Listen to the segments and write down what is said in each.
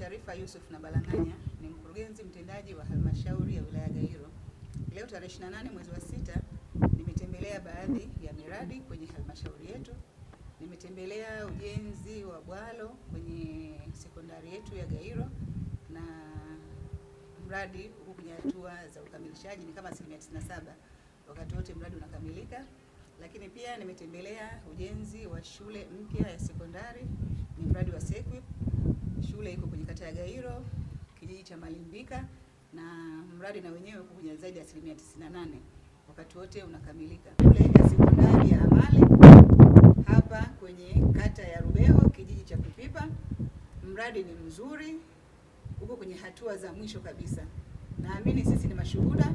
Sharifa Yusuf Nabalang'anya ni mkurugenzi mtendaji wa halmashauri ya wilaya Gairo. Leo tarehe 28 mwezi wa sita, nimetembelea baadhi ya miradi kwenye halmashauri yetu. Nimetembelea ujenzi wa bwalo kwenye sekondari yetu ya Gairo na mradi huko kwenye hatua za ukamilishaji ni kama asilimia 97, wakati wote mradi unakamilika. Lakini pia nimetembelea ujenzi wa shule mpya ya sekondari, ni mradi wa SEQUIP Shule iko kwenye kata ya Gairo, kijiji cha Malimbika, na mradi na wenyewe uko kwenye zaidi ya asilimia 98, wakati wote unakamilika. Shule ya sekondari ya amali hapa kwenye kata ya Rubeho, kijiji cha Kupipa, mradi ni mzuri, uko kwenye hatua za mwisho kabisa. Naamini sisi ni mashuhuda,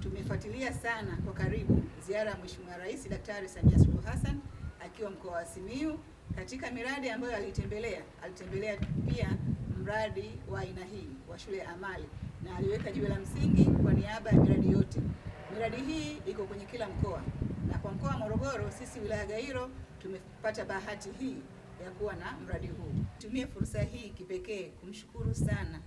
tumefuatilia sana kwa karibu ziara ya Mheshimiwa Rais Daktari Samia Suluhu Hassan akiwa mkoa wa Simiyu. Katika miradi ambayo alitembelea, alitembelea pia mradi wa aina hii wa shule ya amali na aliweka jiwe la msingi kwa niaba ya miradi yote. Miradi hii iko kwenye kila mkoa, na kwa mkoa wa Morogoro sisi wilaya Gairo tumepata bahati hii ya kuwa na mradi huu. Tumie fursa hii kipekee kumshukuru sana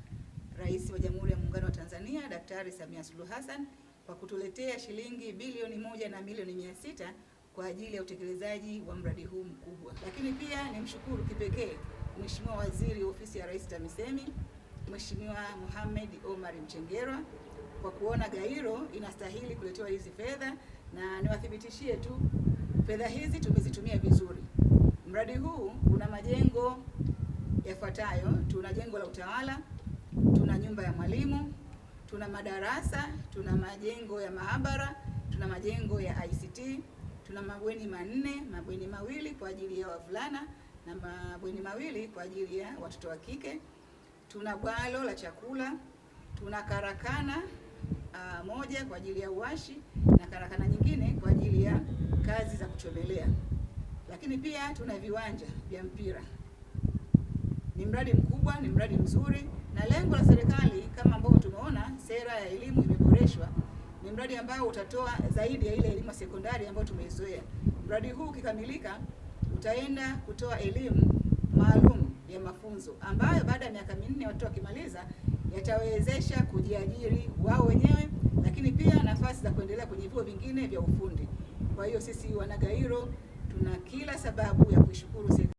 Rais wa Jamhuri ya Muungano wa Tanzania Daktari Samia Suluhu Hassan kwa kutuletea shilingi bilioni moja na milioni mia sita kwa ajili ya utekelezaji wa mradi huu mkubwa. Lakini pia nimshukuru kipekee Mheshimiwa Waziri Ofisi ya Rais TAMISEMI, Mheshimiwa Mohamed Omar Mchengerwa kwa kuona Gairo inastahili kuletewa hizi fedha, na niwathibitishie tu fedha hizi tumezitumia vizuri. Mradi huu una majengo yafuatayo: tuna jengo la utawala, tuna nyumba ya mwalimu, tuna madarasa, tuna majengo ya maabara, tuna majengo ya ICT tuna mabweni manne, mabweni mawili kwa ajili ya wavulana na mabweni mawili kwa ajili ya watoto wa kike. Tuna bwalo la chakula, tuna karakana uh, moja kwa ajili ya uwashi na karakana nyingine kwa ajili ya kazi za kuchomelea, lakini pia tuna viwanja vya mpira. Ni mradi mkubwa, ni mradi mzuri, na lengo la serikali kama ambavyo tumeona, sera ya elimu imeboreshwa mradi ambao utatoa zaidi ya ile elimu ya sekondari ambayo tumeizoea. Mradi huu ukikamilika, utaenda kutoa elimu maalum ya mafunzo ambayo baada ya miaka minne watoto wakimaliza yatawezesha kujiajiri wao wenyewe, lakini pia nafasi za kuendelea kwenye vyuo vingine vya ufundi. Kwa hiyo sisi Wanagairo tuna kila sababu ya kuishukuru